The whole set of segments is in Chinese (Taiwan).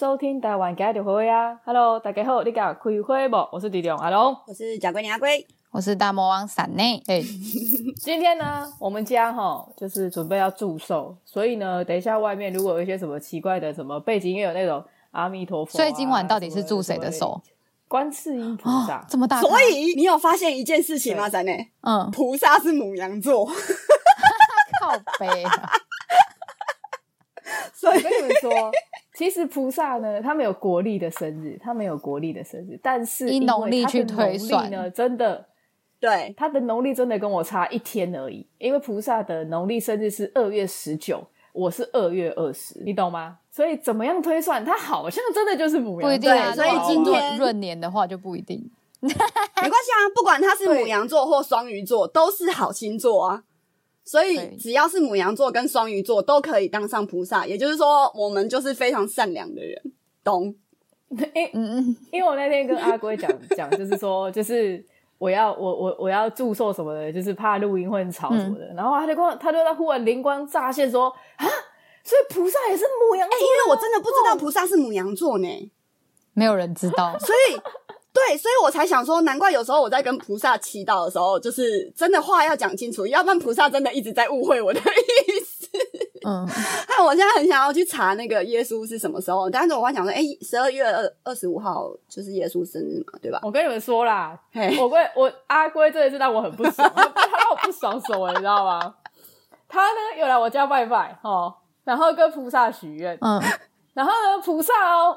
收聽台灣今仔日就花花的啊，Hello，大家好，你敢開會不？我是滴滴龍阿龍，我是賈桂琳阿龜，我是大魔王山餒。哎， 今天呢，我們家齁就是準備要祝壽，所以呢，等一下外面如果有一些什麼奇怪的什麼背景音樂，有那種阿彌陀佛，啊，所以今晚到底是祝誰的壽？觀世音菩薩，哦，這麼大，所以你有發現一件事情嗎？山餒，嗯，菩薩是牡羊座， 靠背，啊。所以跟你們說。其實菩薩呢，他沒有國曆的生日，他沒有國曆的生日，但是因為他的農曆呢，依農曆去推算，真的，對，他的農曆真的跟我差一天而已。因為菩薩的農曆生日是二月十九，我是二月二十，你懂嗎？所以怎麼樣推算，他好像真的就是牡羊，不一定，啊對。所以今天閏年的話就不一定， 沒關係啊，不管他是牡羊座或雙魚座，都是好星座啊。所以只要是牡羊座跟雙魚座都可以當上菩薩，也就是說我們就是非常善良的人，懂？嗯、欸， 因為我那天跟阿龜講講， 就是說，就是我要我我我要祝壽什麼的，就是怕錄音會很吵什麼的，嗯，然後他就光他就在忽然靈光乍現說啊，所以菩薩也是牡羊座，欸，因為我真的不知道菩薩是牡羊座呢，欸，沒有人知道， 所以。對，所以我才想說，難怪有時候我在跟菩薩祈禱的時候，就是真的話要講清楚，要不然菩薩真的一直在誤會我的意思。嗯，那我現在很想要去查那個耶穌是什麼時候，但是我還想說，誒，十二月二二十五號就是耶穌生日嘛，對吧？我跟你們說啦嘿，我規我阿龜真的是讓我很不爽， 他讓我不爽手了，你知道嗎？他呢又來我家拜拜哦，然後跟菩薩許願，嗯，然後呢菩薩哦。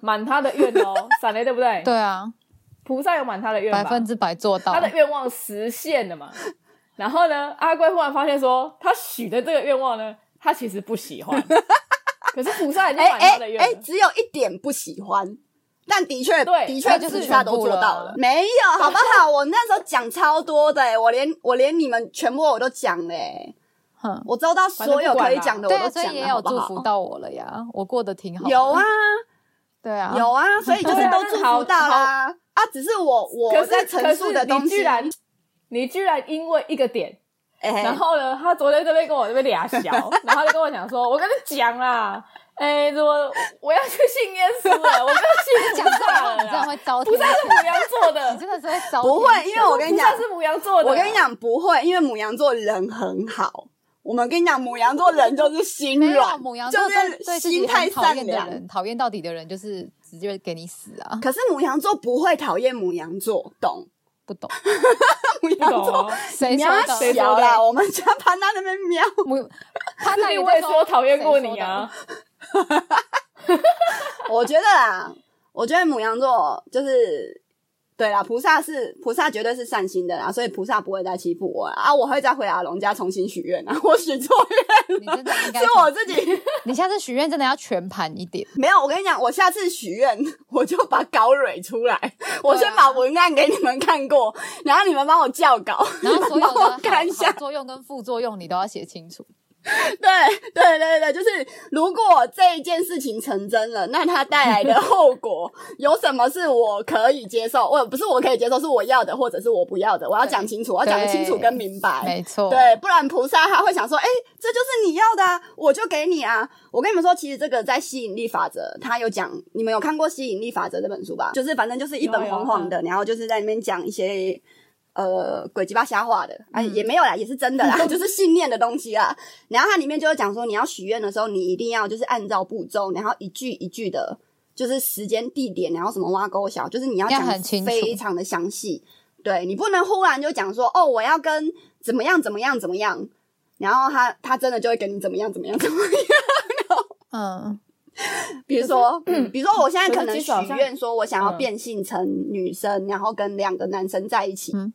滿 他的願哦，閃 雷對不對？對啊，菩薩有滿他的願，百分之百做到他的願望實現了嘛？ 然後呢，阿龜忽然發現說，他許的這個願望呢，他其實不喜歡， 可是菩薩已經滿他的願，哎、欸欸欸，只有一點不喜歡，但的確，的確就是他都做到了，了沒有 好不好？我那時候講超多的、欸，我連我連你們全部我都講哎哼，我收到所有可以講的，我都講了，啊啊、也有祝福到我了呀，我過得挺好的，有啊。對啊，有啊，所以就是都祝福到啦、嗯啊。啊，只是我我在陳述的可，是可是你居然你居然因為一個點、欸，然後呢，哎、他昨天這邊跟我這邊倆小笑，然後他就跟我講說， 我跟你講啦，哎、欸，我我要去信耶穌了，我真要信。講出了你會不再是牡羊座的，你真的是會遭。不會，因為我跟你講，不算是牡羊座的，我跟你講不會，因為牡羊座人很好。我們跟你講，牡羊座人就是心軟，牡、啊、羊座就是心太善的人，討厭到底的人就是直接給你死啊！可是牡羊座不會討厭牡羊座，懂不懂？牡 羊座誰、啊、說的？我們家潘娜在那邊喵，潘娜也說討厭 過你啊！ 我覺得啊，我覺得牡羊座就是。對啦，菩薩是菩薩，絕對是善心的啦，所以菩薩不會再欺負我啦啊！我會再回阿龍家重新許願啦。我許錯願你知道嗎？是我自己你。你下次許願真的要全盤一點。 沒有，我跟你講，我下次許願我就把稿蕊出來、啊，我先把文案給你們看過，然後你們幫我校稿，然後所有的 幫我看一下作用跟副作用，你都要寫清楚。對對對對，就是如果這一件事情成真了，那它帶來的後果有什麼是我可以接受？我不是我可以接受，是我要的，或者是我不要的，我要講清楚，我要講清楚跟明白。沒錯，對，不然菩薩他會想說，哎，這就是你要的啊，我就給你啊。我跟你們說，其實這個在吸引力法則，他有講，你們有看過吸引力法則這本書吧？就是反正就是一本黃黃的，然後就是在裡面講一些。呃，鬼雞巴瞎話的，哎、嗯，也沒有啦，也是真的啦、嗯，就是信念的東西啦。然後它裡面就會講說，你要許願的時候，你一定要就是按照步驟，然後一句一句的，就是時間、地點，然後什麼挖溝小，就是你要講，要很清楚、非常的詳細。對，你不能忽然就講說，哦，我要跟怎麼樣怎麼樣怎麼樣，然後他他真的就會給你怎麼樣怎麼樣怎麼樣。嗯，比如說、嗯，比如說我現在可能許願說我想要變性成女生，嗯、然後跟兩個男生在一起。嗯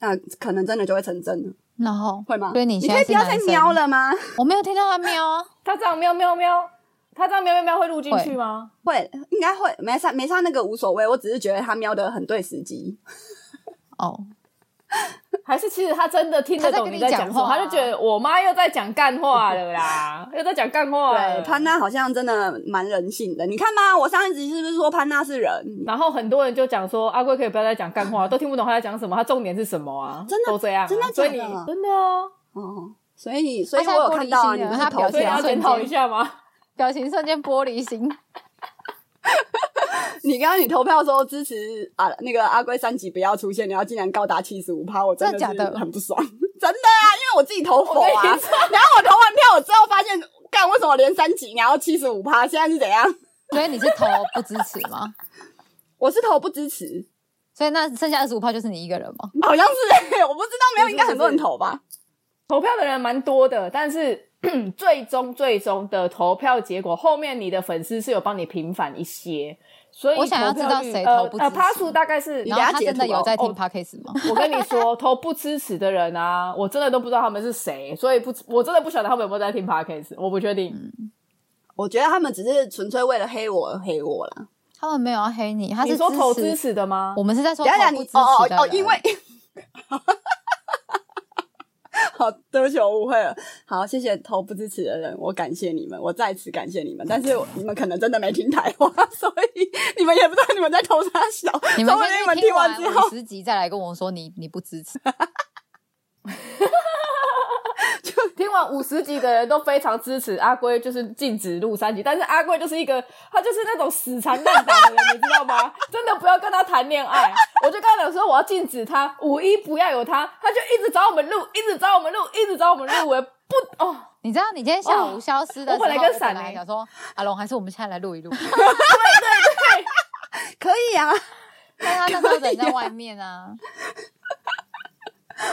那可能真的就會成真了，然後會嗎？對你是，你可以不要再喵了嗎？我沒有聽到他喵 他這樣喵喵喵，他這樣喵喵喵會錄進去嗎？會，會應該會，沒啥，沒啥，那個無所謂，我只是覺得他喵得很對時機，哦、 oh.。還是其實他真的聽得懂你在講話，話，他就覺得我媽又在講幹話了啦， 又在講幹話對。潘娜好像真的蠻人性的，你看嘛，我上一集是不是說潘娜是人？然後很多人就講說阿龜可以不要再講幹話， 都聽不懂他在講什麼，他重點是什麼啊？真的 都這樣，啊，真的，所以你真的哦，所以、喔嗯所以所以啊、所以我有看到他表情，啊、所以要檢討一下嗎？啊、表情瞬間玻璃心。 你剛剛你投票的時候支持啊，那個阿龜三級不要出現，然後竟然高達七十五趴，我真的的很不爽。假的 真的啊，因為我自己投火啊。然後我投完票，我之後發現，幹為什麼連三級，然後七十五趴，現在是怎樣？所以你是投不支持嗎？ 我是投不支持，所以那剩下二十五趴就是你一個人嗎？好像是，我不知道，沒有是是應該很多人投吧？是是投票的人蠻多的，但是 最終最終的投票結果，後面你的粉絲是有幫你平反一些。所以，我想要知道誰投不支持。呃啊、數概是你然後他真的有在聽 podcast 嗎、哦？我跟你說， 投不支持的人啊，我真的都不知道他們是誰，所以不，我真的不曉得他們有沒有在聽 podcast 我不確定、嗯。我覺得他們只是純粹為了黑我而黑我啦他們沒有要黑你。他是你說投支持的嗎？我們是在說投不支持的いやいや你哦哦,哦，因為。 好，對不起，我誤會了。好，謝謝投不支持的人，我感謝你們，我再次感謝你們。但是你們可能真的沒聽台話，所以你們也不知道你們在投啥小。你們聽完之後，五十集再來跟我說你你不支持。 就聽完五十集的人都非常支持阿龜，就是禁止錄三集。但是阿龜就是一個，他就是那種死纏爛打的人，你知道嗎？ 真的不要跟他談戀愛、啊。 我就剛剛講說，我要禁止他五一不要有他，他就一直找我們錄，一直找我們錄，一直找我們錄、欸，我不哦，你知道你今天下午消失的時候，本、哦、來跟閃、欸、我想說 阿龍還是我們現在來錄一錄， 對對對，可以啊。但他那時候人在外面啊。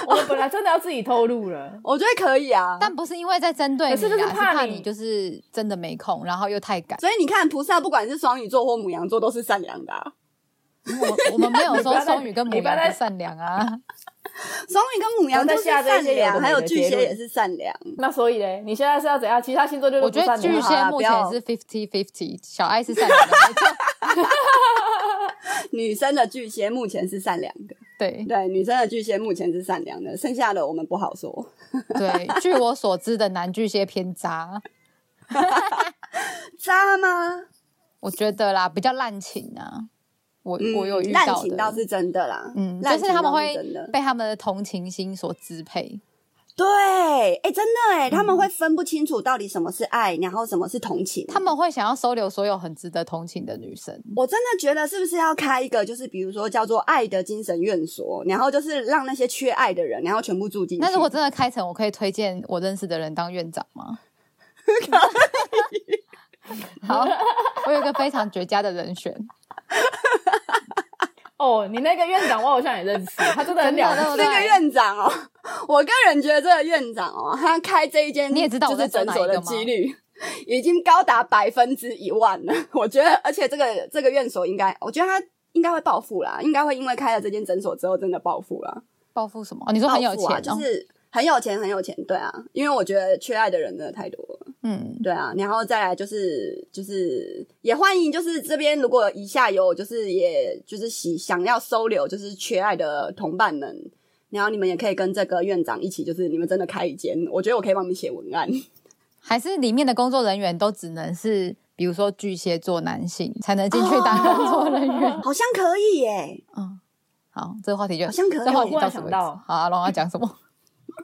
我本來真的要自己透露了，oh, 我覺得可以啊，但不是因為在針對你啊，可是，是，怕你是怕你就是真的沒空，然後又太趕。所以你看，菩薩不管是雙魚座或牡羊座，都是善良的、啊。我我們沒有說雙魚跟牡羊在善良啊， 雙魚跟牡羊在善良在的的，還有巨蟹也是善良。那所以呢，你現在是要怎樣？其他星座就我覺得巨蟹目前是 fifty fifty，小艾是善良，的。 女生的巨蟹目前是善良的。對對，女生的巨蟹目前是善良的，剩下的我們不好說。 對，據我所知的男巨蟹偏渣，渣 嗎？我覺得啦，比較濫情啊。我、嗯、我有遇到的，濫情倒是真的啦。嗯，但是他們會被他們的同情心所支配。對，哎、欸，真的哎、欸、嗯，他們會分不清楚到底什麼是愛，然後什麼是同情。他們會想要收留所有很值得同情的女生。我真的覺得，是不是要開一個，就是比如說叫做“愛的精神院所”，然後就是讓那些缺愛的人，然後全部住進去。那如果真的開成，我可以推薦我認識的人當院長嗎？ 好，我有一個非常絕佳的人選。 哦，你那個院長我好像也認識，他真的很了 那個院長哦。 我個人覺得這個院長哦，他開這一間你也知道是診所的幾率已經高達百分之一萬了。我覺得，而且這個這個院所應該，我覺得他應該會暴富啦，應該會因為開了這間診所之後真的暴富啦。暴富什麼、啊哦？你說很有錢、哦，就是很有錢，很有錢。對啊，因為我覺得缺愛的人真的太多了。嗯，對啊，然後再來就是就是也歡迎，就是這邊如果以下有就是也就是想想要收留就是缺愛的同伴們，然後你們也可以跟這個院長一起，就是你們真的開一間，我覺得我可以幫你們寫文案。還是裡面的工作人員都只能是，比如說巨蟹座男性才能進去當工作人員。哦，好像可以耶、欸。嗯，好，這個話題就好像可以。這話題什麼我忽然想到，好，然後要講什麼？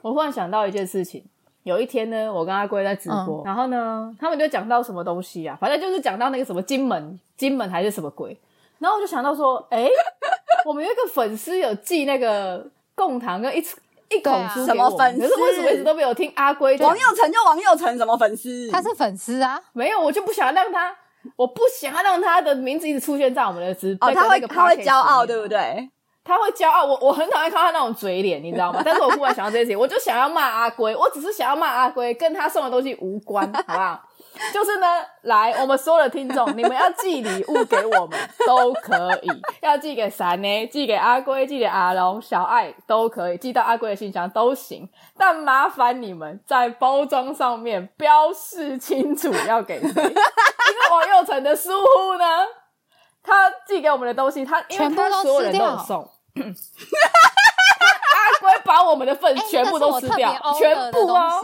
我忽然想到一件事情。有一天呢，我跟阿龜在直播，嗯，然後呢，他們就講到什麼東西啊？反正就是講到那個什麼金門，金門還是什麼鬼。然後我就想到說，哎、欸， 我們有一個粉絲有寄那個貢糖跟一一口汁、啊、給我們，可是為什麼一直都沒有聽阿龜？王佑成就王佑成，什麼粉絲？他是粉絲啊，沒有，我就不想讓他，我不想讓他的名字一直出現在我們的直播。哦，他會，他會驕傲，對不對？他會驕傲，我我很討厭看他那種嘴臉，你知道嗎？但是我忽然想到這些，我就想要罵阿龜，我只是想要罵阿龜，跟他送的東西無關，好不好？ 就是呢，來，我們所有的聽眾， 你們要寄禮物給我們都可以，要寄給山餒，寄給阿龜，寄給阿龍、小愛都可以，寄到阿龜的信箱都行，但麻煩你們在包裝上面標示清楚要給誰， 因為王佑成的疏忽呢，他寄給我們的東西，他因為他所有人都有送。 阿龜把我們的份全部都吃掉，欸那個欸，全部哦！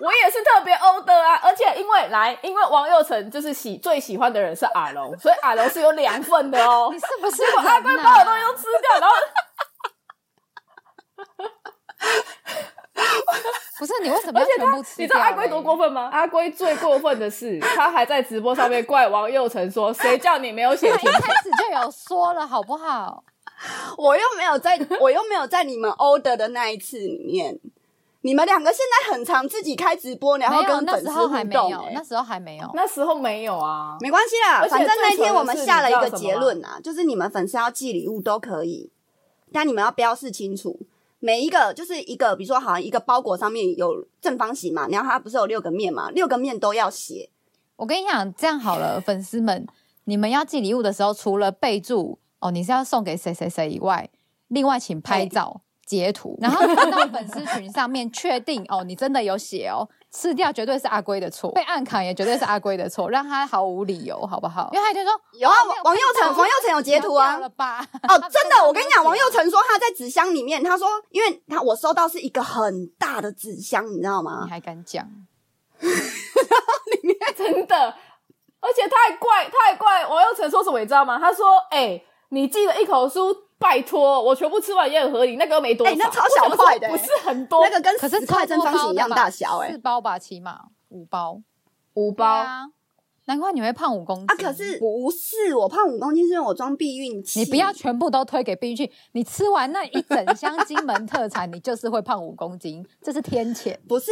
我也是特別歐的啊！而且因為來，因為王佑成就是喜最喜歡的人是阿龍，所以阿龍是有兩份的哦。你是不是、啊？我阿龜把我東西都吃掉，然後。 不是，你為什麼要全部吃？而且他，你知道阿龜多過分嗎？ 阿龜最過分的是，他還在直播上面怪王佑成說：“誰 叫你沒有寫 一開始就有說了，好不好？我又沒有在，我又沒有在你們 order 的那一次裡面。 你們兩個現在很常自己開直播，然後跟粉絲互動。那時候還沒有，那時候還沒有，那時候沒有啊。沒關係啦，反正那天，我們下了一個結論啊，啊，就是你們粉絲要寄禮物都可以，但你們要標示清楚。每一個就是一個，比如說，好像一個包裹上面有正方形嘛，然後它不是有六個面嘛，六個面都要寫。我跟你講，這樣好了，粉絲們，你們要寄禮物的時候，除了備注哦，你是要送給誰誰誰以外，另外請拍照截圖，然後放到粉絲群上面， 確定哦，你真的有寫哦。吃掉絕對是阿龜的錯，被暗砍也絕對是阿龜的錯， 讓他毫無理由，好不好？因為他就說有啊，有王佑成，王佑成有截圖啊，聊聊了吧？哦， 真的，我跟你講，王佑成說他在紙箱裡面，他說，因為他我收到是一個很大的紙箱，你知道嗎？你還敢講？ 然後裡面真的，而且太怪太怪，王佑成說什麼你知道嗎？他說，哎、欸，你寄了一口酥。拜託，我全部吃完也很合理，那個沒多少，哎、欸，那超小塊的、欸，不，不是很多，那個跟十塊正方形一樣大小、欸，哎，四包吧，起碼五包，五包、啊、難怪你會胖五公斤啊！可是不是我胖五公斤是因為我裝避孕器，你不要全部都推給避孕器，你吃完那一整箱金門特產， 你就是會胖五公斤，這是天譴。不是，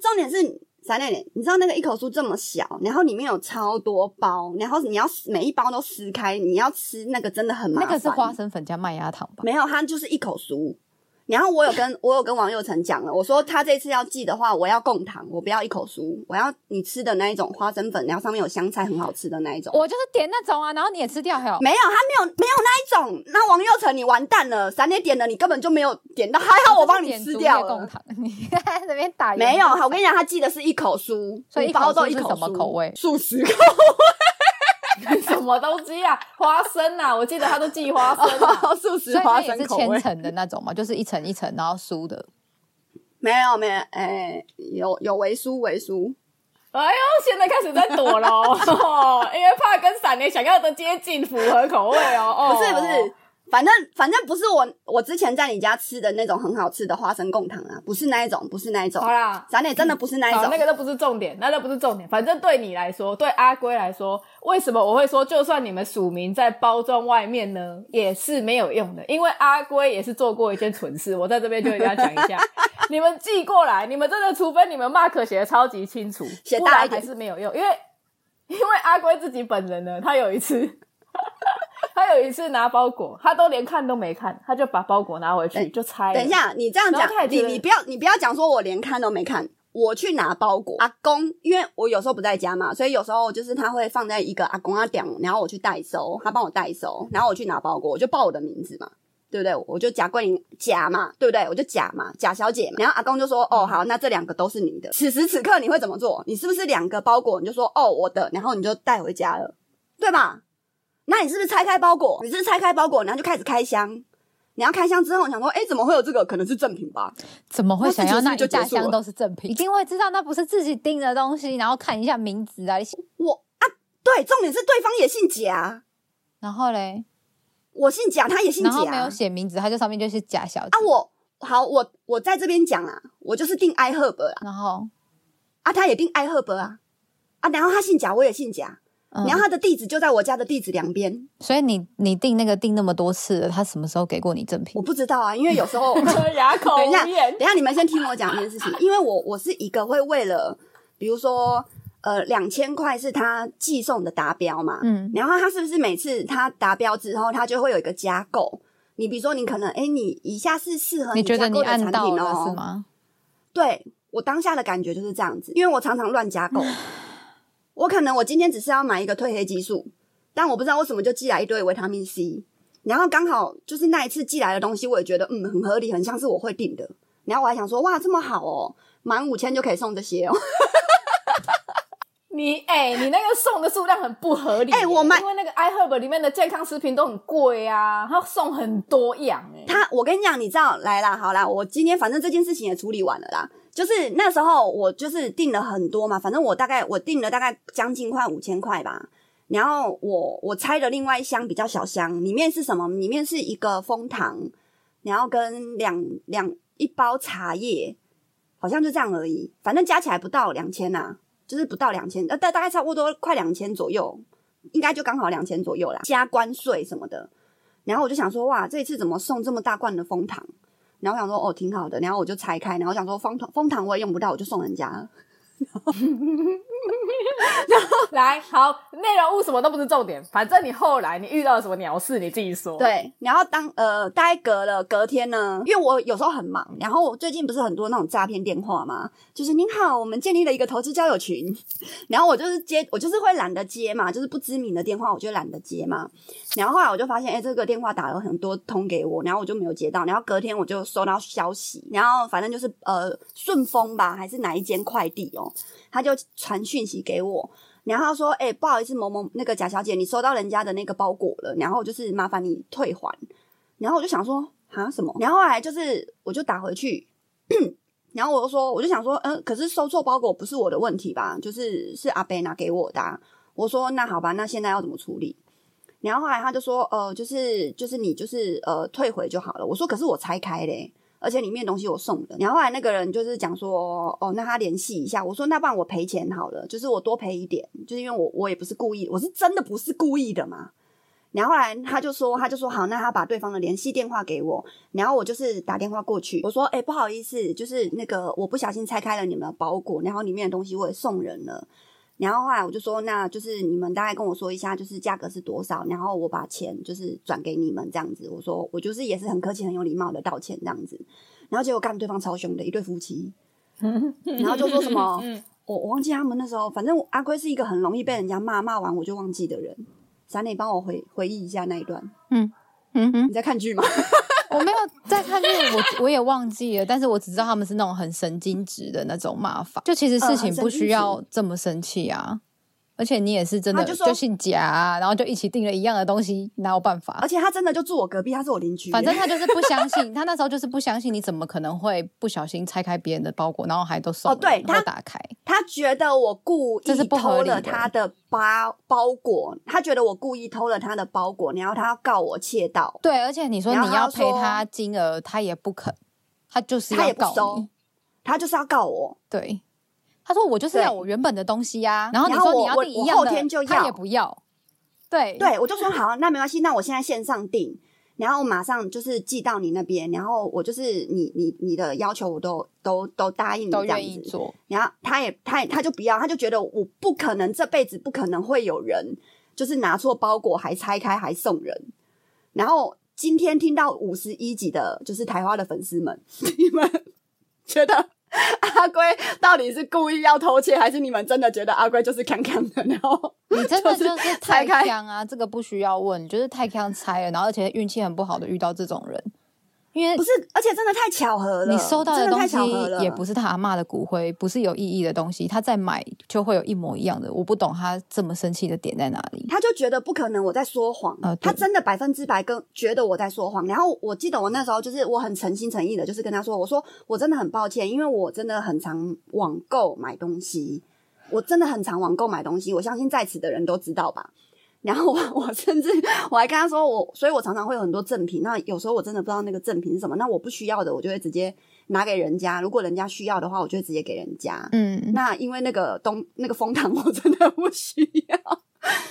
重點是。三奶奶，你知道那個一口酥這麼小，然後裡面有超多包，然後你要撕，每一包都撕開，你要吃那個真的很麻煩。那個是花生粉加麥芽糖吧？沒有，它就是一口酥。然後我有跟我有跟王佑成講了，我說他這次要寄的話，我要貢糖，我不要一口酥，我要你吃的那一種花生粉，然後上面有香菜，很好吃的那一種。我就是點那種啊，然後你也吃掉還有？沒有，他沒有沒有那一種。那王佑成你完蛋了，閃電點了你根本就沒有點到，還好我幫你吃掉了沒有？我跟你講，他寄的是一口酥，所以一口包裝一口酥什麼口味？素食口味。什麼東西啊？花生啊！我記得他都寄花生、啊，素、哦、食花生是千層的那種嘛，就是一層一層然後酥的。沒有沒有，哎、欸，有有微酥微酥。哎呦，現在開始在躲嘍， 因為怕跟山餒想要的接近符合口味哦。不、哦、是不是。不是反正反正不是我，我之前在你家吃的那種很好吃的花生貢糖啊，不是那一種，不是那一種。好啦，咱也真的不是那一種。嗯、好那個都不是重點，那個、都不是重點。反正對你來說，對阿龜來說，為什麼我會說，就算你們署名在包裝外面呢，也是沒有用的？因為阿龜也是做過一件蠢事， 我在這邊就跟大家講一下。 你們寄過來，你們真的，除非你們 mark 寫的超級清楚，寫大一點是沒有用。因為因為阿龜自己本人呢，他有一次。他有一次拿包裹，他都連看都沒看，他就把包裹拿回去，欸、就拆。等一下，你這樣講，你你不要你不要講說我連看都沒看，我去拿包裹。阿公，因為我有時候不在家嘛，所以有時候就是他會放在一個阿公阿，啊，點，然後我去代收，他幫我代收，然後我去拿包裹，我就報我的名字嘛，對不對？我就賈桂琳賈嘛，對不對？我就賈嘛，賈小姐嘛。然後阿公就說：“嗯、哦，好，那這兩個都是你的。”此時此刻你會怎麼做？你是不是兩個包裹你就說：“哦，我的”，然後你就帶回家了，對吧？那你是不是拆開包裹？你是，不是拆開包裹，然後就開始開箱。你要開箱之後，我想說，哎、欸，怎麼會有這個？可能是正品吧？怎麼會？想要那就假箱都是正品是是，一定會知道那不是自己訂的東西。然後看一下名字啊，你我啊，對，重點是對方也姓賈。然後嘞，我姓賈，他也姓賈，然後沒有寫名字，他這上面就是賈小子。啊，我好，我我在這邊講啊，我就是訂艾赫伯啊。然後，啊，他也訂艾赫伯啊。啊，然後他姓賈，我也姓賈。然後他的地址就在我家的地址兩邊，嗯、所以你你訂那個訂那麼多次了，他什麼時候給過你贈品？我不知道啊，因為有時候牙口。等一下，等一下，你們先聽我講一件事情， 因為我我是一個會為了，比如說呃兩千塊是他寄送的達標嘛，嗯，然後他是不是每次他達標之後，他就會有一個加購？你比如說你可能哎，你以下是適合你加購的產品哦，你覺得你按到了嗎是嗎？對我當下的感覺就是這樣子，因為我常常亂加購。 我可能我今天只是要買一個褪黑激素，但我不知道為什麼就寄來一堆維他命 C，然後剛好就是那一次寄來的東西，我也覺得嗯很合理，很像是我會訂的。然後我還想說哇這麼好哦，滿五千就可以送這些哦。 你哎、欸、你那個送的數量很不合理哎、欸欸、我買因為那個 iHerb 裡面的健康食品都很貴啊，他送很多樣哎、欸。他我跟你講你知道來啦，好啦，我今天反正這件事情也處理完了啦。就是那時候，我就是訂了很多嘛，反正我大概我訂了大概將近快五千塊吧。然後我我拆了另外一箱比較小箱，裡面是什麼？裡面是一個蜂糖，然後跟兩兩一包茶葉，好像就這樣而已。反正加起來不到兩千吶、啊，就是不到兩千，呃大大概差不多快兩千左右，應該就剛好兩千左右啦。加關稅什麼的，然後我就想說，哇，這一次怎麼送這麼大罐的蜂糖？然後我想說哦，挺好的。然後我就拆開。然後我想說蜂糖，蜂糖我也用不到，我就送人家了。 然後, 然後來好，內容物什麼都不是重點，反正你後來你遇到了什麼鳥事你自己說。對，然後當呃，待隔了隔天呢，因為我有時候很忙，然後我最近不是很多那種詐騙電話嘛，就是您好，我們建立了一個投資交友群，然後我就是接，我就是會懶得接嘛，就是不知名的電話我就懶得接嘛。然後後來我就發現，哎、欸，這個電話打了很多通給我，然後我就沒有接到。然後隔天我就收到消息，然後反正就是呃，順豐吧，還是哪一間快遞哦、喔？他就傳訊息給我，然後說：“哎、欸，不好意思，某某那個賈小姐，你收到人家的那個包裹了，然後就是麻煩你退還。”然後我就想說：“哈，什麼？”然後後來就是我就打回去，然後我就說：“我就想說，呃、可是收錯包裹不是我的問題吧？就是是阿伯拿給我的、啊。”我說：“那好吧，那現在要怎麼處理？”然後後來他就說：“呃，就是就是你就是呃退回就好了。”我說：“可是我拆開嘞。”而且裡面東西我送的，然後後來那個人就是講說，哦，那他聯繫一下。我說那不然我賠錢好了，就是我多賠一點，就是因為我我也不是故意，我是真的不是故意的嘛。然後後來他就說，他就說好，那他把對方的聯繫電話給我，然後我就是打電話過去，我說，欸，不好意思，就是那個我不小心拆開了你們的包裹，然後裡面的東西我也送人了。然後後來我就說，那就是你們大概跟我說一下，就是價格是多少，然後我把錢就是轉給你們這樣子。我說我就是也是很客氣、很有禮貌的道歉這樣子。然後結果幹對方超凶的一對夫妻， 然後就說什麼我、 哦、我忘記他們那時候，反正阿龜是一個很容易被人家罵罵完我就忘記的人。山餒幫我回回憶一下那一段。嗯嗯，你在看劇嗎？ 我沒有在看劇，我我也忘記了，但是我只知道他們是那種很神經質的那種罵法，就其實事情不需要這麼生氣啊。而且你也是真的就姓賈、啊，然後就一起訂了一樣的東西，哪有辦法？而且他真的就住我隔壁，他是我鄰居。反正他就是不相信， 他那時候就是不相信，你怎麼可能會不小心拆開別人的包裹，然後還都送？哦，對他打開他，他覺得我故意是偷了他的包包裹，他覺得我故意偷了他的包裹，然後他要告我竊盜。對，而且你說你要賠他，他金額，他也不肯，他就是要告他也不收，他就是要告我。對。他說：“我就是要我原本的東西呀、啊。”然後你說：“你要訂一樣的後我我我後天就要，他也不要。對”對對，我就說好，那沒關係，那我現在線上訂，然後馬上就是寄到你那邊，然後我就是你你你的要求，我都都都答應你這樣子，都願意做。然後他也他也，他，也他就不要，他就覺得我不可能這輩子不可能會有人就是拿錯包裹還拆開還送人。然後今天聽到五十一集的，就是台花的粉絲們， 你們覺得？ 阿龜到底是故意要偷竊，還是你們真的覺得阿龜就是康康的？然後、就是、你真的就是太康啊！ 這個不需要問，就是太康猜了，然後而且運氣很不好的遇到這種人。因為不是，而且真的太巧合了。你收到的東西也不是他阿媽的骨灰，不是有意義的東西。他再買就會有一模一樣的。我不懂他這麼生氣的點在哪裡。他就覺得不可能，我在說謊。他、呃、真的百分之百跟覺得我在說謊。然後我記得我那時候就是我很誠心誠意的，就是跟他說，我說我真的很抱歉，因為我真的很常網購買東西，我真的很常網購買東西。我相信在此的人都知道吧。然後我我甚至我還跟他說我，所以我常常會有很多贈品。那有時候我真的不知道那個贈品是什麼，那我不需要的，我就會直接拿給人家。如果人家需要的話，我就會直接給人家。嗯，那因為那個東那個蜂糖，我真的不需要，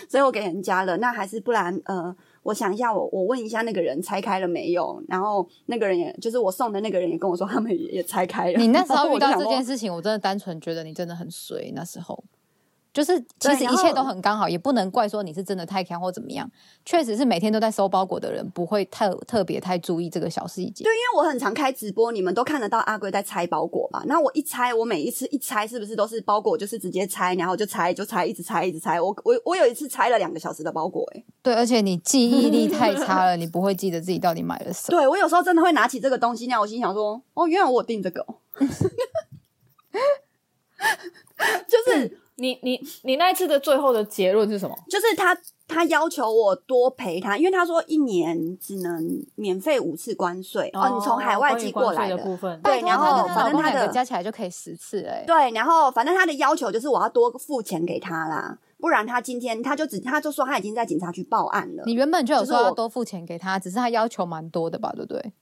所以我給人家了。那還是不然呃，我想一下，我我問一下那個人拆開了沒有？然後那個人也就是我送的那個人也跟我說他們也，也拆開了。你那時候遇到這件事情，我真的單純覺得你真的很衰那時候。就是，其實一切都很剛好，也不能怪說你是真的太強或怎麼樣。確實是每天都在收包裹的人，不會特特別太注意這個小細節。對，因為我很常開直播，你們都看得到阿龜在拆包裹嘛。那我一拆，我每一次一拆，是不是都是包裹？就是直接拆，然後就拆就拆，一直拆一直拆，一直拆。我我，我有一次拆了兩個小時的包裹，欸，哎。對，而且你記憶力太差了， 你不會記得自己到底買了什麼。對，我有時候真的會拿起這個東西，那樣我心想說，哦，原來我有訂這個。 就是。嗯。你你你那一次的最後的結論是什麼？就是他他要求我多陪他，因為他說一年只能免費五次關稅哦，哦，你從海外寄過來的，哦、關於關稅的部分，對，然後，然後反正他的加起來就可以十次哎，對，然後反正他的要求就是我要多付錢給他啦，不然他今天他就只他就說他已經在警察局報案了，你原本就有說要多付錢給他，就是、只是他要求蠻多的吧，對不對？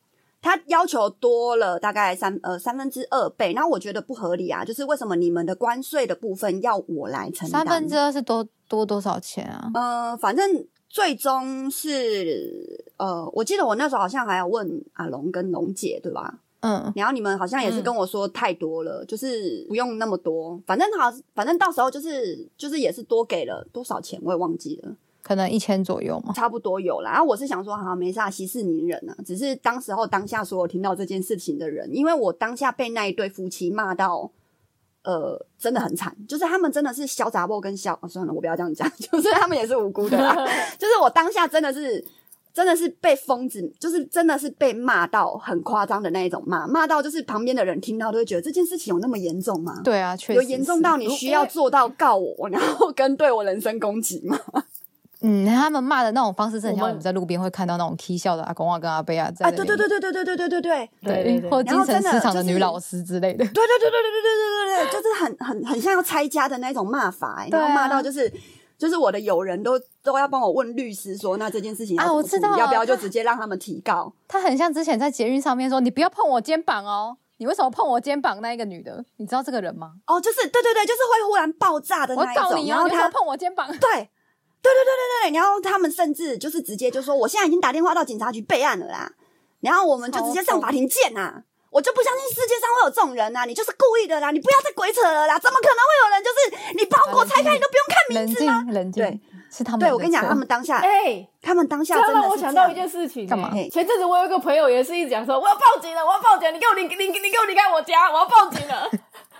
他要求多了，大概三呃三分之二倍，那我覺得不合理啊。就是為什麼你們的關稅的部分要我來承擔？三分之二是多多多少錢啊？嗯、呃，反正最終是呃，我記得我那時候好像還要問阿龍跟龍姐，對吧？嗯，然後你們好像也是跟我說太多了，嗯、就是不用那麼多。反正好，反正到時候就是就是也是多給了多少錢，我也忘記了。可能一千左右嘛，差不多有啦。然、啊、後我是想說，好，沒啥，息事寧人啊。只是當時候當下所有聽到這件事情的人，因為我當下被那一對夫妻罵到，呃，真的很慘。就是他們真的是小雜貨跟小、啊、算了，我不要這樣講。就是他們也是無辜的、啊， 就是我當下真的是，真的是被瘋子，就是真的是被罵到很誇張的那一種罵，罵到就是旁邊的人聽到都會覺得這件事情有那麼嚴重嗎？對啊，確實有嚴重到你需要做到告我，欸、然後跟對我人身攻擊嗎？嗯，他們罵的那種方式，是很像我們在路邊會看到那種 K 笑的阿公阿、啊、跟阿伯啊。這樣啊，對對對對對對對對對，對對對對，或精神市場的女老師之類的。的就是、對，對，對，對對對對對對對對對對，就是很很很像要拆家的那種罵法、欸對啊，然後罵到就是就是我的友人都都要幫我問律師說，那這件事情事啊，我知道你要不要就直接讓他們提告？他很像之前在捷運上面說，你不要碰我肩膀哦，你為什麼碰我肩膀？那一個女的，你知道這個人嗎？哦，就是對對對，就是會忽然爆炸的那一種我告你哦，然後他你為什麼碰我肩膀，對。對對對對對，然後他們甚至就是直接就說，我現在已經打電話到警察局備案了啦，然後我們就直接上法庭見吶，我就不相信世界上會有這種人吶，你就是故意的啦，你不要再鬼扯了啦，怎麼可能會有人就是你包裹拆開你都不用看名字嗎？冷靜，冷靜，對，是他們。對，我跟你講，他們當下，哎、欸，他們當下真的。讓我想到一件事情、欸，幹嘛？前陣子我有一個朋友也是一直講說，我要報警了，我要報警了，你給我你你你給我離開我家，我要報警了。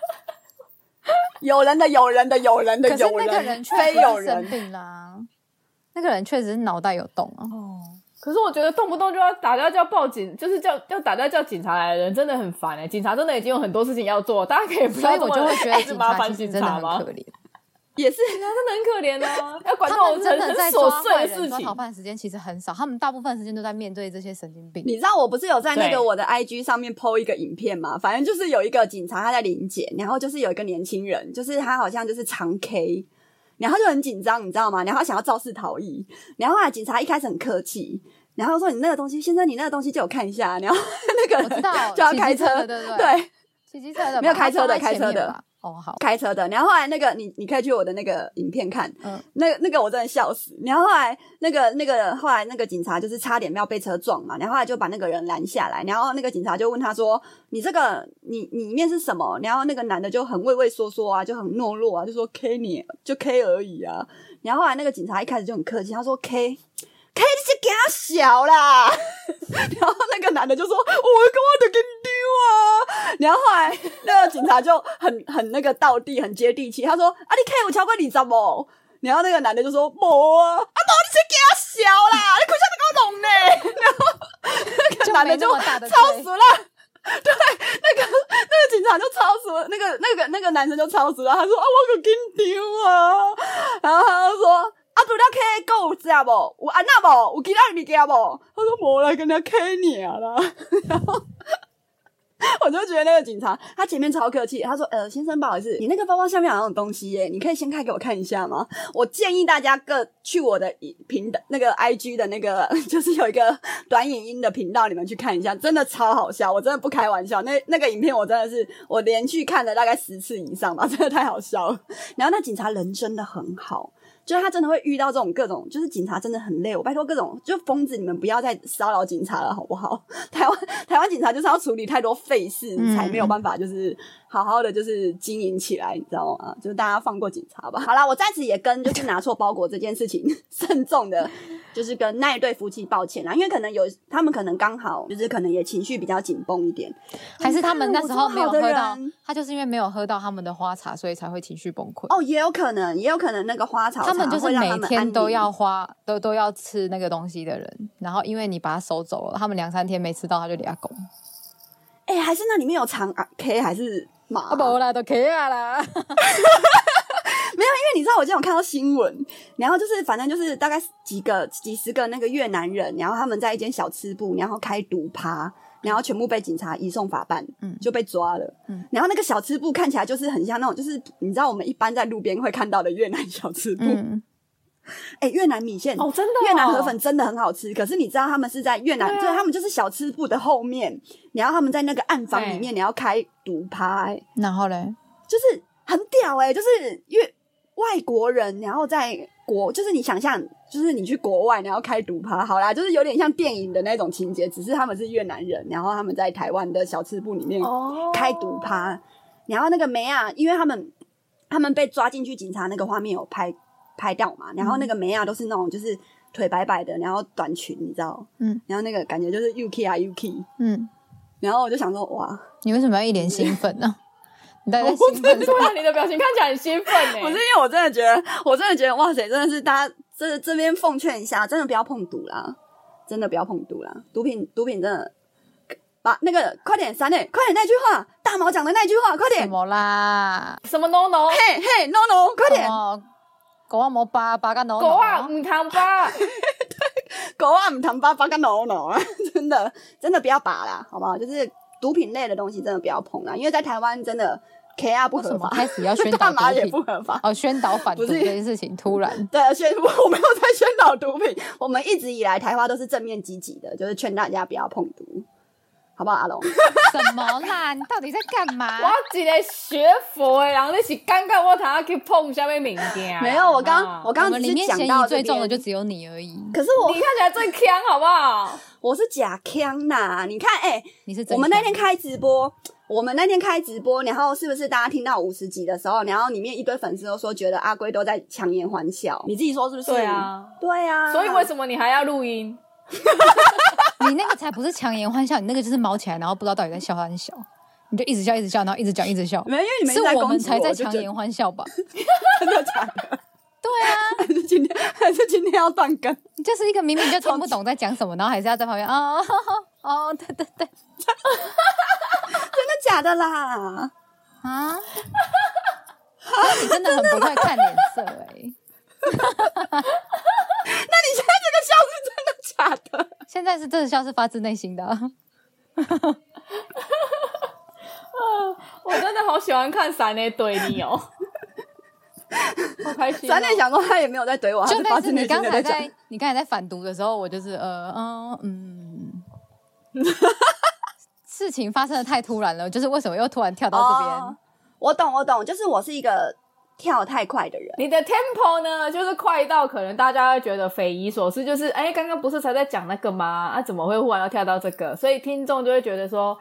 有人的，有人的，有人的有人，可是那個人確實生病啦、啊。 那個人確實是腦袋有洞啊。哦，可是我覺得動不動就要打掉叫報警，就是叫要打掉叫警察來的人真的很煩哎、欸。警察真的已經有很多事情要做，大家可以不要總就會覺得、哎、是麻煩警察嗎？合理。 也是那真的很可憐哦、啊。 要管他們真的在瑣碎的事情。抓逃犯時間其實很少，他們大部分時間都在面對這些神經病。你知道我不是有在那個我的 IG 上面 PO 一個影片嗎？反正就是有一個警察他在臨檢，然後就是有一個年輕人，就是他好像就是長 K，然後就很緊張，你知道嗎？然後想要肇事逃逸，然後啊，警察一開始很客氣，然後說你那個東西，先生，你那個東西借我看一下。然後那個就要開車，對對對，騎機車的沒有開車的開車的。哦、好，開車的，然後後來那個你，你可以去我的那個影片看，嗯，那那個我真的笑死。然後後來那個那個後來那個警察就是差點沒有被車撞嘛，然後後來就把那個人攔下來，然後那個警察就問他說：“你這個你你面是什麼？”然後那個男的就很畏畏縮縮啊，就很懦弱啊，就說 “K 你就 K 而已啊。”然後後來那個警察一開始就很客氣，他說：“K K 就給他小啦。 ”然後那個男的就說：“我跟我的跟。”哇！然後後來那個警察就很很那個道地、很接地氣。他說：“啊，你 K 我超過你怎麼？”然後那個男的就說：“莫啊，啊，啊，莫你先給他消啦，你可笑得夠弄嘞。然後那個男的就，就的超時了。對，那個那個警察就超死了，那個那個那個男生就超時了。他說：“啊，我可給你丟啊！”然後他就說：“啊，主要 K 夠假不？我安娜不？我給他咪加不？”他說：“莫來跟他 K 你啦。”然後。 我就覺得那個警察，他前面超客氣。他說：“呃，先生，不好意思，你那個包包下面好像有東西耶，你可以先開給我看一下嗎？”我建議大家各去我的頻那個 I G 的那個，就是有一個短影音的頻道，裡面去看一下，真的超好笑。我真的不開玩笑，那那個影片我真的是我連續看了大概十次以上吧，真的太好笑了。然後那警察人真的很好。就是他真的會遇到這種各種，就是警察真的很累。我拜托各種，就瘋子，你們不要再騷擾警察了，好不好？台灣台灣警察就是要處理太多廢事，嗯，才沒有辦法就是好好的就是經營起來，你知道嗎？就是大家放過警察吧。好了，我在此也跟就是拿錯包裹這件事情慎重的，就是跟那一對夫妻抱歉啦，因為可能有他們可能剛好就是可能也情緒比較緊繃一點，還是他們那時候沒有喝到，他就是因為沒有喝到他們的花茶，所以才會情緒崩潰。哦，也有可能，也有可能那個花草。他們就是每天都要花，都都要吃那個東西的人。然後，因為你把他收走了，他們兩三天沒吃到，他就離家。狗，哎、欸，還是那裡面有藏啊？K 還是麻？啊啦，都 K 啦。 沒有，因為你知道，我今天有看到新聞，然後就是反正就是大概幾個、幾十個那個越南人，然後他們在一間小吃部，然後開毒趴。然後全部被警察移送法辦，嗯、就被抓了、嗯。然後那個小吃部看起來就是很像那種，就是你知道我們一般在路邊會看到的越南小吃部。哎、嗯欸，越南米線哦，真的、哦，越南河粉真的很好吃。可是你知道他們是在越南，對，所以他們就是小吃部的後面。你要他們在那個暗房裡面，你要開賭牌。然後嘞，就是很屌哎、欸，就是越外國人，然後在國，就是你想象，就是你去國外，然後開毒趴，好啦，就是有點像電影的那種情節，只是他們是越南人，然後他們在台灣的小吃部裡面開毒趴、哦，然後那個妹啊，因為他們他們被抓進去，警察那個畫面有拍拍到嘛，然後那個妹啊都是那種就是腿白白的，然後短裙，你知道，嗯，然後那個感覺就是 UK 啊 UK，嗯，然後我就想說，哇，你為什麼要一臉興奮呢、啊？ 大家的哦、我是因 你的表情看起來很興奮呢。我是因為我真的覺得，我真的覺得，哇塞，真的是大家是這這邊奉勸一下，真的不要碰毒啦，真的不要碰毒啦，毒品毒品真的把、啊、那個快點三嘞，快點，三快點那句話，大毛講的那句話，快點。什麼啦？什麼 no no？嘿嘿，no no，快點。狗啊，莫巴巴干 no no。狗啊，唔貪巴。狗啊，唔貪巴拔噶 no no，真的真的不要拔啦，好不好？就是。毒品類的東西真的不要碰啊！因為在台灣真的，K R 不合法，開始要宣導也不合法哦，宣導反毒這件事情。突然，對，宣，我沒有在宣導毒品，我們一直以來台花都是正面積極的，就是勸大家不要碰毒，好不好？阿龍， 什麼啦？你到底在幹嘛？ 我今天學佛，然後那些尷尬我才去碰下面緬甸，沒有。我剛、哦、我剛剛只是講到最重的，就只有你而已。可是我你看起來最鏘，好不好？我是假腔吶、啊，你看哎、欸，你是真我們那天開直播，我們那天開直播，然後是不是大家聽到五十集的時候，然後裡面一堆粉絲都說覺得阿龜都在強顏歡笑，你自己說是不是？對啊，對啊，所以為什麼你還要錄音？ 你那個才不是強顏歡笑，你那個就是毛起來，然後不知道到底在笑還是笑，你就一直笑一直笑，然後一直講一直笑，沒，因為你沒來，我們才在強顏歡笑吧？就就 真的假慘的？ 對啊，還是今天還是今天要斷更？你就是一個明明就聽不懂在講什麼，然後還是要在旁邊啊哦，哦，哦，哦，對對對，對 真的假的啦？啊？啊！你真的很不會看臉色哎、欸！ 那你現在這個笑是真的假的？現在是這個笑，是發自內心的，啊。 我真的好喜歡看三 A 對你哦。 好開心、哦！轉念想過，他也沒有在懟我。 就但是你剛才在 你剛才在反讀的時候，我就是呃嗯嗯， 事情發生的太突然了。就是為什麼又突然跳到這邊？Oh, 我懂，我懂，就是我是一個跳太快的人。你的 tempo 呢，就是快到可能大家會覺得匪夷所思。就是哎，剛剛不是才在講那個嗎？啊，怎麼會忽然要跳到這個？所以聽眾就會覺得說。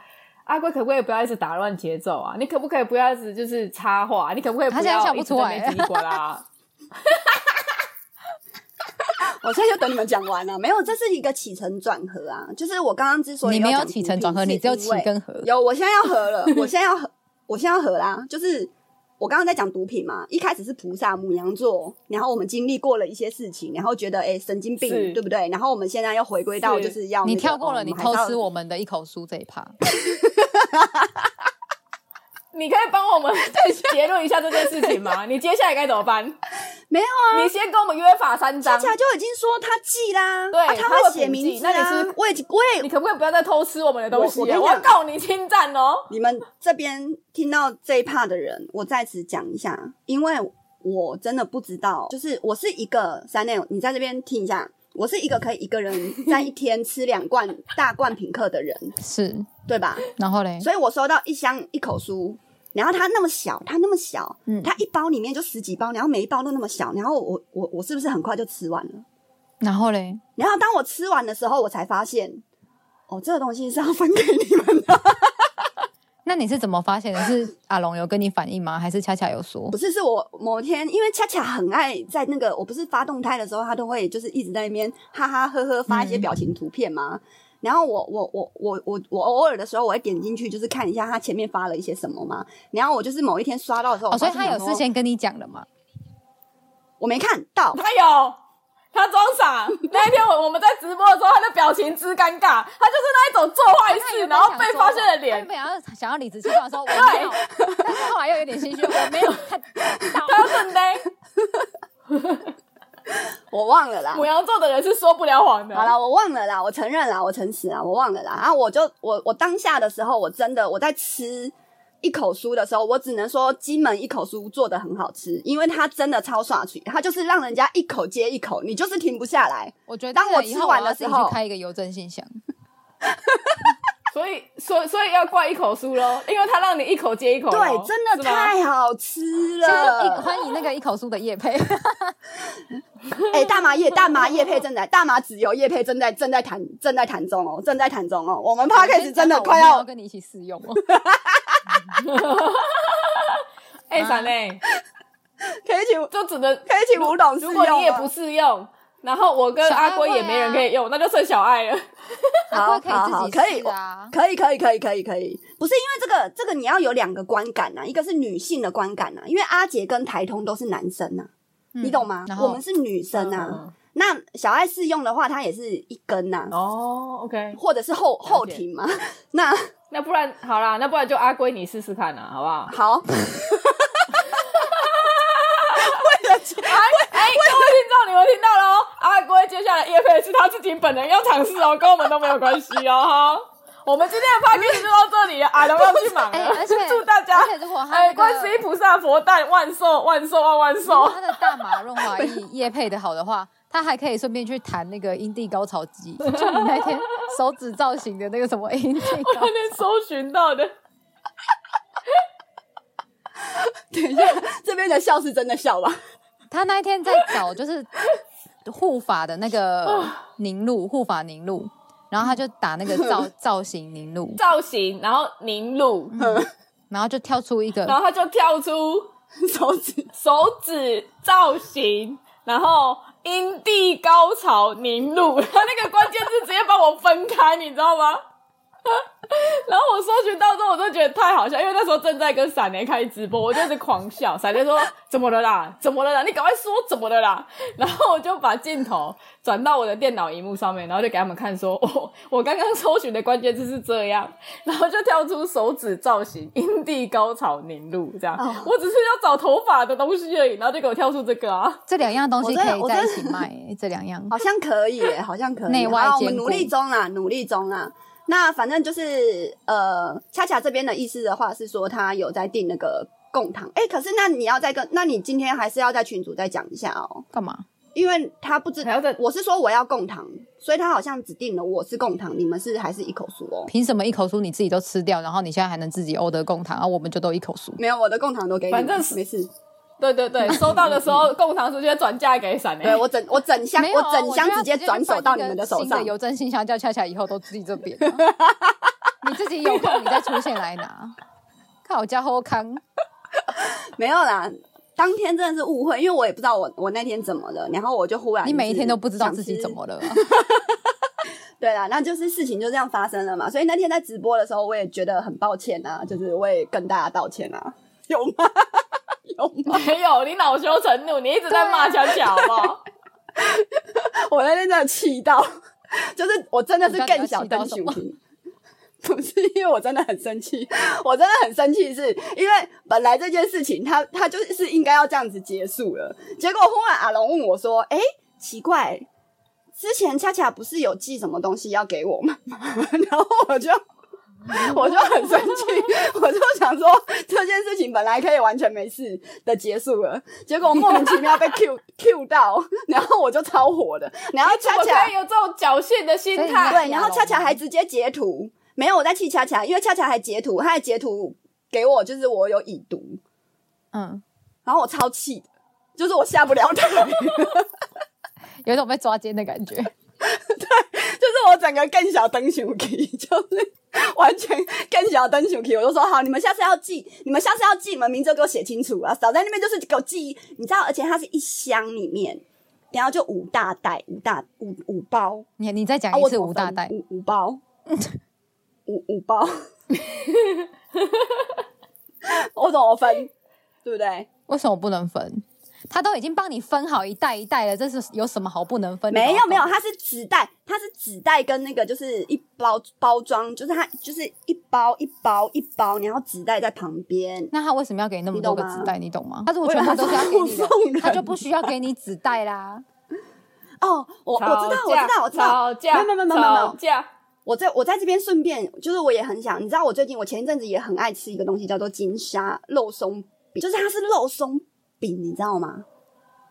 阿龜，可不可以不要一直打亂節奏啊？你可不可以不要一直就是插話？你可不可以不要再笑不出來？啊、 我現在就等你們講完了。沒有，這是一個起承轉合啊。就是我剛剛之所以有你沒有起承轉合，你只有起跟合。 有，我現在要合了。我現在要合，我現在要合啦。就是我剛剛在講毒品嘛，一開始是菩薩牡羊座，然後我們經歷過了一些事情，然後覺得哎、欸，神經病，對不對？然後我們現在又回歸到就是要、那個、是你跳過了，你偷吃我們的一口酥這一趴。 哈哈哈！你可以幫我們再結論一下這件事情嗎？ 你接下來該怎麼辦？ 沒有啊，你先跟我們約法三章，而來就已經說他寄啦、啊，對，啊、他會寫名字啊那是。我已經，我也，你可不可以不要再偷吃我們的東西、啊？我，我，你我要告你侵占哦！你們這邊聽到這一 part 的人，我再次講一下，因為我真的不知道，就是我是一個三內，你在這邊聽一下。我是一個可以一個人在一天吃兩罐大罐品客的人，是 對吧？然後嘞，所以我收到一箱一口酥，然後它那麼小，它那麼小，嗯，它一包裡面就十幾包，然後每一包都那麼小，然後我我我是不是很快就吃完了？然後嘞，然後當我吃完的時候，我才發現，哦，這個東西是要分給你們的。 那你是怎麼發現的？是阿龍有跟你反應嗎？還是恰恰有說？ 不是，是我某天，因為恰恰很愛在那個，我不是發動態的時候，他都會就是一直在那邊哈哈呵呵發一些表情圖片嘛。嗯、然後我我我我我我偶爾的時候，我會點進去，就是看一下他前面發了一些什麼嘛。然後我就是某一天刷到的時候，哦，所以他有事先跟你講的嗎？ 我沒看到，他有。他裝傻，那一天我我們在直播的時候， 他的表情之尷尬，他就是那一種做壞事他他然後被發現的臉。然後想要理直氣壯說我沒有 但是後來又有點心虛。 我沒有看到，他他要正我忘了啦。牡羊座的人是說不了謊的。好啦，我忘了啦，我承認啦，我誠實啦，我忘了啦。然、啊、後我就我我當下的時候，我真的我在吃。一口酥的時候，我只能說金門一口酥做的很好吃，因為它真的超爽脆，它就是讓人家一口接一口，你就是停不下來。我覺得當我吃完的時候你就開一個郵政信箱。所以，所所以要怪一口酥嘍，因為它讓你一口接一口。對，真的太好吃了。歡迎那個一口酥的葉配。哎、 欸，大麻葉，大麻葉配正在大麻籽油葉配正在正在談正在談中哦，正在談中哦。我們 Podcast 真的快要，要跟你一起試用、哦。 哎、 欸，啥、啊、嘞？可以請就只能可以請吳董試用，如果你也不試用、啊，然後我跟阿龜也沒人可以用，那就剩小愛了。 好，好，好，可以啊，可以，可以，可以，可以，可以。不是因為這個，這個你要有兩個觀感吶、啊，一個是女性的觀感吶、啊，因為阿杰跟台通都是男生吶、啊嗯，你懂嗎？我們是女生吶、啊嗯，那小愛試用的話，它也是一根吶、啊。哦，OK，或者是後後庭嘛？Okay. 那。那不然好啦，那不然就阿龜你試試看啦，好不好？好， 為了阿龜，哎，各位聽到你們聽到嘍、欸，阿龜接下來業配是他自己本人要嘗試哦， 跟我們都沒有關係哦哈。我們今天的派對就到這裡了，阿龍要去忙了，而且祝大家，我那個、哎，觀世音菩薩佛誕萬壽萬壽萬萬壽。他的大麻潤滑液業配的好的話， 他還可以順便去彈那個陰蒂高潮機。就 你那天。手指造型的那個什麼，什麼？我剛才搜尋到的 ，等一下， 這邊的笑是真的笑吧？他那一天在找就是護髮的那個凝露，護髮凝露，然後他就打那個造造型凝露造型，然後凝露、嗯，然後就跳出一個，然後他就跳出手指手指造型，然後。陰蒂高潮凝露，他 那個關鍵字，直接把我分開， 你知道嗎？ 然後我搜尋到之後，我都覺得太好笑，因為那時候正在跟山餒 開直播，我就是狂笑。山 餒說：“怎麼了啦？怎麼了啦？你趕快說怎麼了啦！”然後我就把鏡頭轉到我的電腦螢幕上面，然後就給他們看說：“哦，我剛剛搜尋的關鍵字是這樣，然後就跳出手指造型、陰蒂高潮凝露這樣。Oh. 我只是要找頭髮的東西而已，然後就給我跳出這個啊。這兩樣東西可以在一起賣、欸，這兩樣好像、欸、好像可以， 好像可以啊。我們努力中啊，努力中啊。”那反正就是呃，恰恰這邊的意思的話是說他有在訂那個貢糖。哎、欸，可是那你要再跟，那你今天還是要在群組再講一下哦、喔。幹嘛？因為他不知道，我是說我要貢糖，所以他好像指定了我是貢糖，你們是還是一口酥哦、喔？憑什麼一口酥你自己都吃掉，然後你現在還能自己 order 貢糖，啊我們就都一口酥？沒有，我的貢糖都給你，反正是沒事。對對對，收到的時候，嗯嗯嗯共堂，直接轉嫁給閃、欸。對，我整我整箱，啊、我整箱我直接轉手到你們的，你的手上。新的郵政信箱，叫恰恰以後都自己這邊了。 你自己有空，你再出現來拿。 看我家好康。沒有啦，當天真的是誤會，因為我也不知道我我那天怎麼了，然後我就忽然，你每一天都不知道自己怎麼了。 對啦，那就是事情就這樣發生了嘛。所以那天在直播的時候，我也覺得很抱歉啊，就是我也跟大家道歉啊，有嗎？ Oh、沒有，你惱羞成怒，你一直在罵恰恰嗎？我那天真的氣到，就是我真的是更想登視頻，不是因為我真的很生氣，我真的很生氣，是因為本來這件事情它，他他就是應該要這樣子結束了，結果忽然阿龍問我說：“哎、欸，奇怪，之前恰恰不是有寄什麼東西要給我嗎？” 然後我就我就很生氣，我就。他說這件事情本來可以完全沒事的結束了，結果莫名其妙被 Q Q 到，然後我就超火的。然後恰恰有這種僥倖的心態的，對，然後恰恰還直接截圖，沒有我在氣恰恰，因為恰恰還截圖，他還截圖給我，就是我有已讀，嗯，然後我超氣的，就是我下不了台， 有一種被抓奸的感覺， 對，就是我整個更小登上去，就是。 完全更想要登主題，我就說好，你們下次要記你們下次要記你們名字給我寫清楚啊，少在那邊就是給我記，你知道，而且它是一箱裡面，然後就五大袋、大五大五五包，你你再講一次，五大袋、五五包、五五包，我怎麼分？對不對？為什麼不能分？他都已經幫你分好一袋一袋了，這是有什麼好不能分？沒有沒有，它是紙袋。它是紙袋跟那個就是一包包裝，就是它就是一包一包一包，然後紙袋在旁邊。那他為什麼要給你那麼多個紙袋？你懂嗎？他是我全部都是要給你送的，他就不需要給你紙袋啦。 哦，我我知道我知道我知道，吵架，吵架沒，沒，沒，沒沒有沒有沒有沒有吵架。我在我在這邊順便，就是我也很想，你知道我最近我前一陣子也很愛吃一個東西，叫做金沙肉鬆餅，就是它是肉鬆餅，你知道嗎？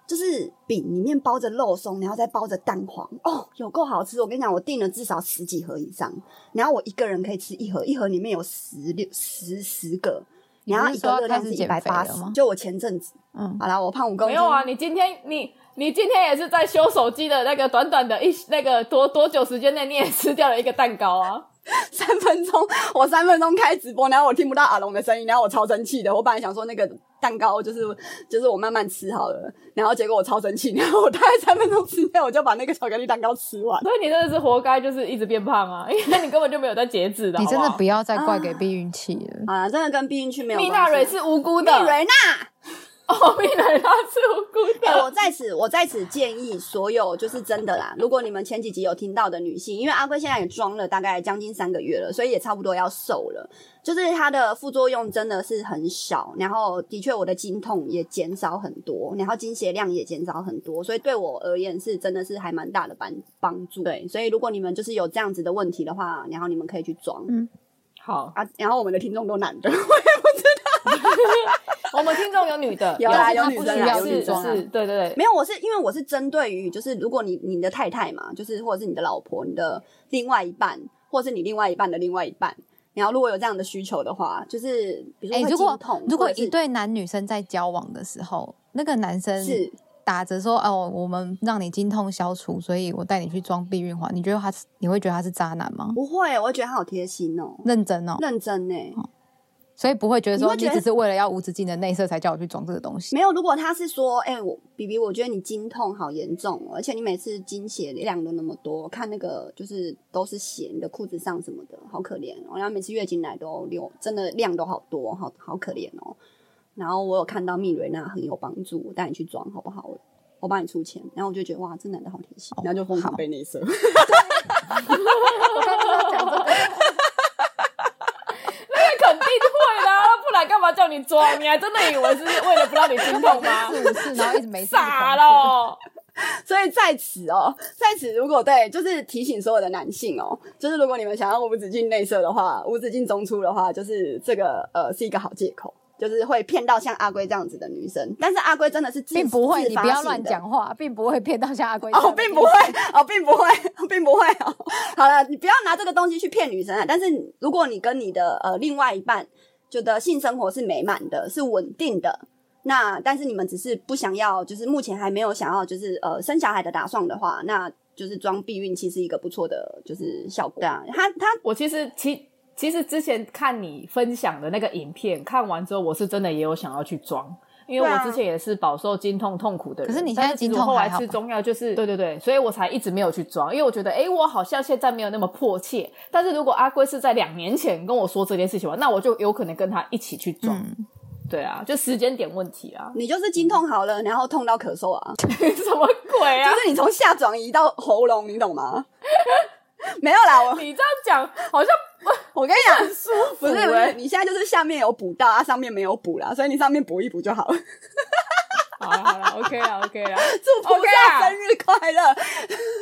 就是餅裡面包着肉鬆，然後再包着蛋黃，哦，有夠好吃！我跟你講，我訂了至少十幾盒以上，然後我一個人可以吃一盒，一盒裡面有十六十十個，然後一個熱量是一百八十。就我前陣子，嗯，好啦，我胖五公斤，沒有啊！你今天你你今天也是在修手機的那個短短的一那個多多久時間內，你也吃掉了一個蛋糕啊。 三分鐘，我三分鐘開直播，然後我聽不到阿龍的聲音，然後我超生氣的。我本來想說那個蛋糕，就是就是我慢慢吃好了，然後結果我超生氣，然後我大概三分鐘之內我就把那個巧克力蛋糕吃完。所以你真的是活該，就是一直變胖啊，因為你根本就沒有在節制的好不好？ 你真的不要再怪給避孕器了啊,好啊！真的跟避孕器沒有關係。蜜大蕊是無辜的，蕊娜。後面他是無辜的。我在此，我在此建議所有，就是真的啦。如果你們前幾集有聽到的女性，因為阿貴現在也裝了大概將近三個月了，所以也差不多要瘦了。就是它的副作用真的是很小，然後的確我的經痛也減少很多，然後經血量也減少很多，所以對我而言是真的是還蠻大的幫幫助。對，所以如果你們就是有這樣子的問題的話，然後你們可以去裝。嗯，好啊，然後我們的聽眾都懶得，我也不知道。 我們聽眾有女的，有啊，有女生啊，有女裝啊，對對對，沒有，我是因為我是針對於就是如果你，你的太太嘛，就是或者是你的老婆，你的另外一半，或者是你另外一半的另外一半，然後如果有這樣的需求的話，就是比如說、欸、如果，如果一對男女生在交往的時候，那個男生打著是打着說哦，我們讓你經痛消除，所以我帶你去裝避孕環，你覺得他是？你會覺得他是渣男嗎？不會，我會覺得他好貼心哦，認真哦，認真呢、欸。所以不會覺得說你只是為了要無止境的內射才叫我去裝這個東西。沒有，如果他是說，哎、欸，我比比，Bibi, 我覺得你經痛好嚴重，而且你每次經血量都那麼多，看那個就是都是血，你的褲子上什麼的，好可憐哦。然後每次月經來都流，真的量都好多，好好可憐哦。然後我有看到蜜蕊娜很有幫助，我帶你去裝好不好？我幫你出錢。然後我就覺得哇，這男的好貼心哦，然後就瘋狂被內射。 對幹嘛叫你裝？你還真的以為是為了不讓你心動嗎？是 五四然後一直沒一直傻了。 所以在此哦，在此如果對，就是提醒所有的男性哦，就是如果你們想要無止境內射的話，無止境中出的話，就是這個呃是一個好借口，就是會騙到像阿龜這樣子的女生。但是阿龜真的是並不會，你不要亂講話，並不會騙到像阿龜哦，並不會哦，並不會，並不會，哦。 好了，你不要拿這個東西去騙女生啊。但是如果你跟你的呃另外一半。覺得性生活是美滿的，是穩定的。那但是你們只是不想要，就是目前還沒有想要，就是呃生小孩的打算的話，那就是裝避孕器是一個不錯的就是效果。啊，他他，我其實其其實之前看你分享的那個影片，看完之後我是真的也有想要去裝。因為我之前也是飽受經痛痛苦的，可是你現在經痛好。後來吃中藥，就是對對對，所以我才一直沒有去裝，因為我覺得哎、欸，我好像現在沒有那麼迫切。但是如果阿龜是在兩年前跟我說這件事情的話，那我就有可能跟他一起去裝、嗯。對啊，就時間點問題啊。你就是經痛好了，嗯、然後痛到咳嗽啊？ 什麼鬼啊？就是你從下轉移到喉嚨，你懂嗎？ 沒有啦，我你這樣講好像。我跟你講，舒服、欸。不是，你現在就是下面有補到，啊，上面沒有補啦，所以你上面補一補就好了。 好了，好了，OK 了，OK 了。祝福大家生日快樂，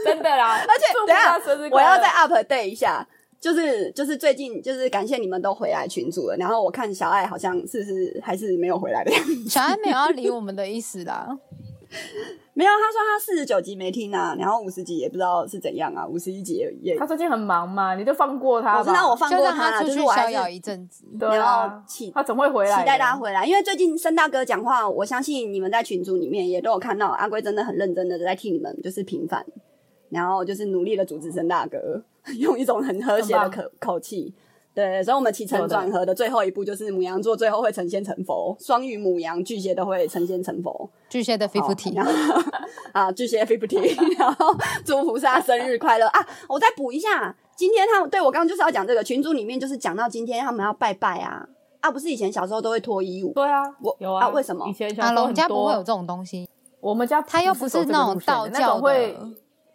真的啦。而且，下而且等下，下我要再 update 一下，就是就是最近就是感謝你們都回來群組了。然後我看小艾好像是不是，是還是沒有回來的？小艾沒有要理我們的意思啦、啊。沒有，他說他四十九集沒聽啊，然後五十集也不知道是怎樣啊，五十一集也…… Yeah. 他最近很忙嘛，你就放過他吧。我知道我放過他，就是逍遙一陣子，然後期他總會回來，期待他回來。因為最近申大哥講話，我相信你們在群組裡面也都有看到，阿龜真的很認真的在替你們，就是平反，然後就是努力的阻止申大哥，用一種很和諧的口口氣。對，所以，我們起承轉合的最後一步就是牡羊座，最後會成仙成佛。雙魚、牡羊、巨蟹都會成仙成佛。巨蟹的 fifty 然後啊，巨蟹 fifty 然後，祝、 uh, 蟹 菩薩生日快樂啊！我再補一下，今天他們對我剛剛就是要講這個群組裡面就是講到今天他們要拜拜啊啊！不是以前小時候都會脫衣舞？對啊，我有啊，啊？為什麼？阿龍家不會有這種東西？啊、我們家他又不是那種道教的那種會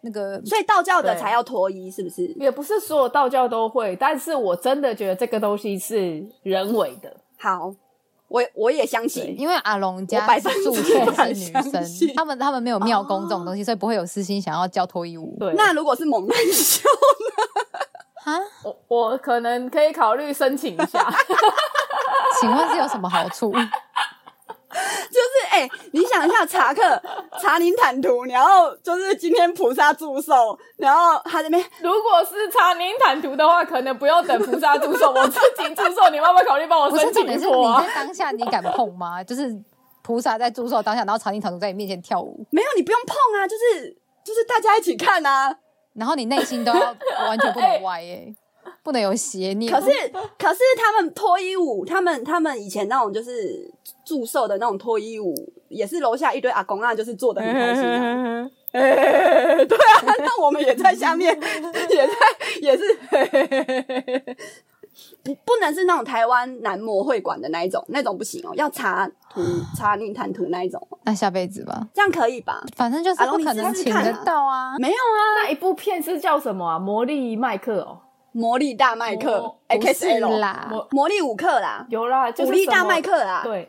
那個，所以道教的才要脫衣，是不是？也不是所有道教都會，但是我真的覺得這個東西是人為的。好，我我也相信，因為阿龍家拜山住的是女生，他們他們沒有廟公這種東西，哦，所以不會有私心想要教脫衣舞。對，那如果是猛男秀呢？哈我我可能可以考慮申請一下。 請問是有什麼好處？就是哎、欸，你想一下查克查寧坦圖，然後就是今天菩薩祝壽，然後他這邊如果是查寧坦圖的話，可能不用等菩薩祝壽， 我自己祝壽， 你慢慢考慮幫我申請一下。你在當下你敢碰嗎？ 就是菩薩在祝壽當下，然後查寧坦圖在你面前跳舞，沒有，你不用碰啊，就是就是大家一起看啊，然後你內心都要完全不能歪哎、欸。欸不能有邪念。可是可是他們脫衣舞，他們他們以前那種就是祝壽的那種脫衣舞，也是樓下一堆阿公啊，就是做的很開心的。 對啊，那我們也在下面， 也在也是。 不不能是那種台灣男模會館的那一種，那種不行哦、喔。要查圖查女探圖那一種。 那下輩子吧，這樣可以吧？反正就是不可能請得到啊，啊是是。沒有啊，那一部片是叫什麼啊？《魔力麥克》哦。魔力大麥克、哦？不是啦，魔魔力五克啦，有啦，五、就是、力大麥克啦，對，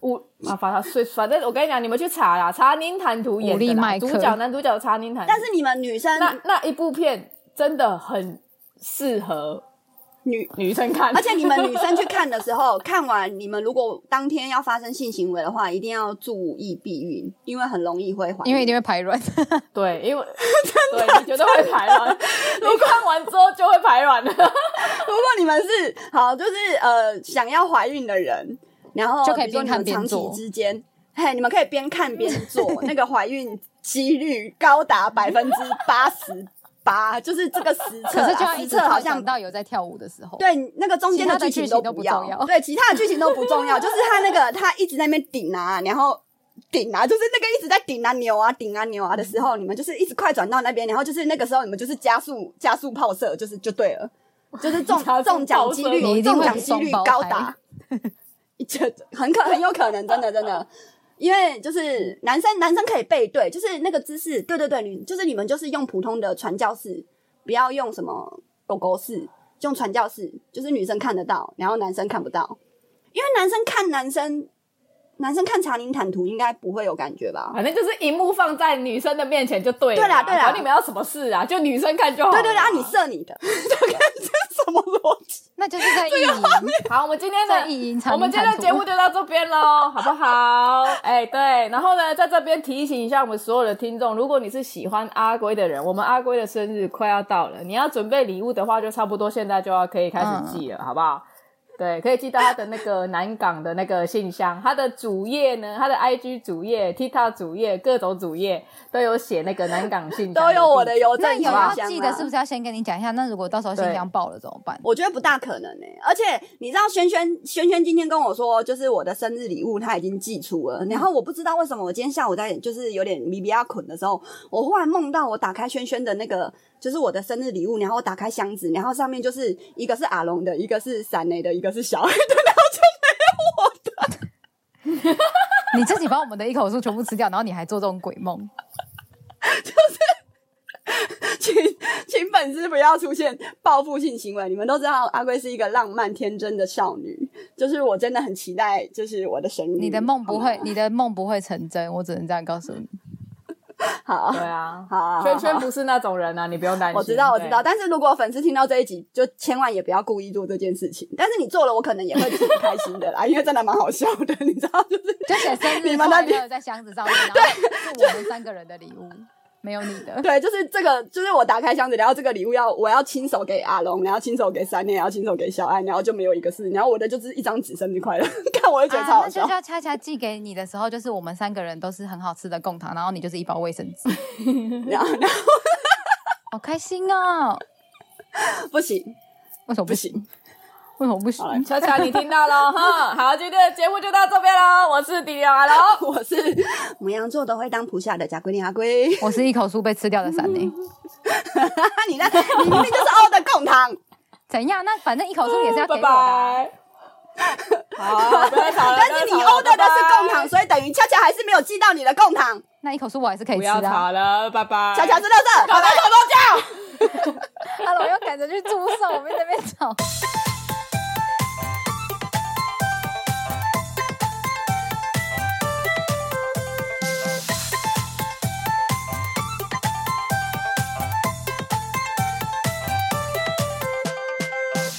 五，啊，反正我跟你講，你們去查啦，查寧坦圖演的力，主角男主角查寧坦，但是你們女生，那那一部片真的很適合。女女生看，而且你們女生去看的時候， 看完你們如果當天要發生性行為的話，一定要注意避孕，因為很容易會懷孕。因為一定會排卵。 對，因為 對，你覺得會排卵。 如果看完之後就會排卵了 如果你們是好，就是呃想要懷孕的人，然後就可以邊看邊做。你們長期之間，嘿，你們可以邊看邊做， 那個懷孕幾率高達百分之八十。把就是這個實測啊，實測好像，好像到有在跳舞的時候，對那個中間的劇情，情都不重要，對其他的劇情都不重要， 就是他那個他一直在那邊頂啊，然後頂啊，就是那個一直在頂啊扭啊頂啊扭啊的時候，嗯，你們就是一直快轉到那邊，然後就是那個時候你們就是加速加速炮射，就是就對了，哎，就是中中獎幾率中獎幾率高達，一 很可很有可能真的真的。真的啊真的因為就是男生、男生可以背對，就是那個姿勢，對對對，女就是你們就是用普通的傳教士，不要用什麼狗狗式，用傳教士，就是女生看得到，然後男生看不到。因為男生看男生、男生看查寧坦圖應該不會有感覺吧？反正就是熒幕放在女生的面前就對了啊，對了啊，對了啊，你們要什麼事啊？就女生看就好啊，對對啦啊，你射你的。 我說，那就是在意淫。好，我們今天的意淫，我們今天的節目就到這邊嘍，好不好？哎、 欸，對，然後呢，在這邊提醒一下我們所有的聽眾，如果你是喜歡阿龜的人，我們阿龜的生日快要到了，你要準備禮物的話，就差不多現在就要可以開始寄了、嗯，好不好？對，可以寄到他的那個南港的那個信箱。 他的主頁呢，他的 IG 主頁、TikTok 主頁，各種主頁都有寫那個南港信箱，都有我的郵政信箱、啊、有要寄的是不是要先跟你講一下？那如果到時候信箱爆了怎麼辦？我覺得不大可能誒、欸。而且你知道萱萱，萱萱，萱萱今天跟我說，就是我的生日禮物他已經寄出了。然後我不知道為什麼，我今天下午在就是有點迷迷糊糊的時候，我忽然夢到我打開萱萱的那個。就是我的生日禮物，然後打開箱子，然後上面就是一個是阿龍的，一個是山餒的，一個是小艾的，然後就沒有我的。 你自己把我們的一口酥全部吃掉，然後你還做這種鬼夢？就是，請請粉絲不要出現報復性行為。你們都知道阿龜是一個浪漫天真的少女，就是我真的很期待，就是我的生日。你的夢不會，你的夢不會成真，我只能這樣告訴你。好，對啊，好啊，圈圈不是那種人啊，啊啊你不用擔心。我知道，我知道。但是如果粉絲聽到這一集，就千萬也不要故意做這件事情。但是你做了，我可能也會挺開心的啦， 因為真的蠻好笑的，你知道，就是就寫生日，你有在箱子上面，對， 然後我們三個人的禮物。沒有你的，對，就是這個，就是我打開箱子，然後這個禮物要我要親手給阿龍，然後親手給山餒，然後親手給小艾，然後就沒有一個事。然後我的就是一張紙，生日快樂， 看我這嘴超搞笑。啊，那就是要恰恰寄給你的時候，就是我們三個人都是很好吃的貢糖，然後你就是一包衛生紙， 然後然後好開心哦， 不行，為什麼不行？不行我不行，悄悄你聽到了哈。 好，今天的節目就到這邊嘍。我是滴滴龍阿龍，我是牡羊座都會當菩薩的賈桂琳阿龜，我是一口酥被吃掉的山餒，欸。嗯、 你那，你明明就是歐的貢糖，怎樣？那反正一口酥也是要拜拜。好，拜拜。 啊、 但是你歐的的是貢糖拜拜，所以等於悄悄還是沒有寄到你的貢糖。那一口酥我還是可以吃啊。好了，拜拜。悄悄是綠色，搞了很多叫。哈嘍，要趕着去祝壽，我們這邊走。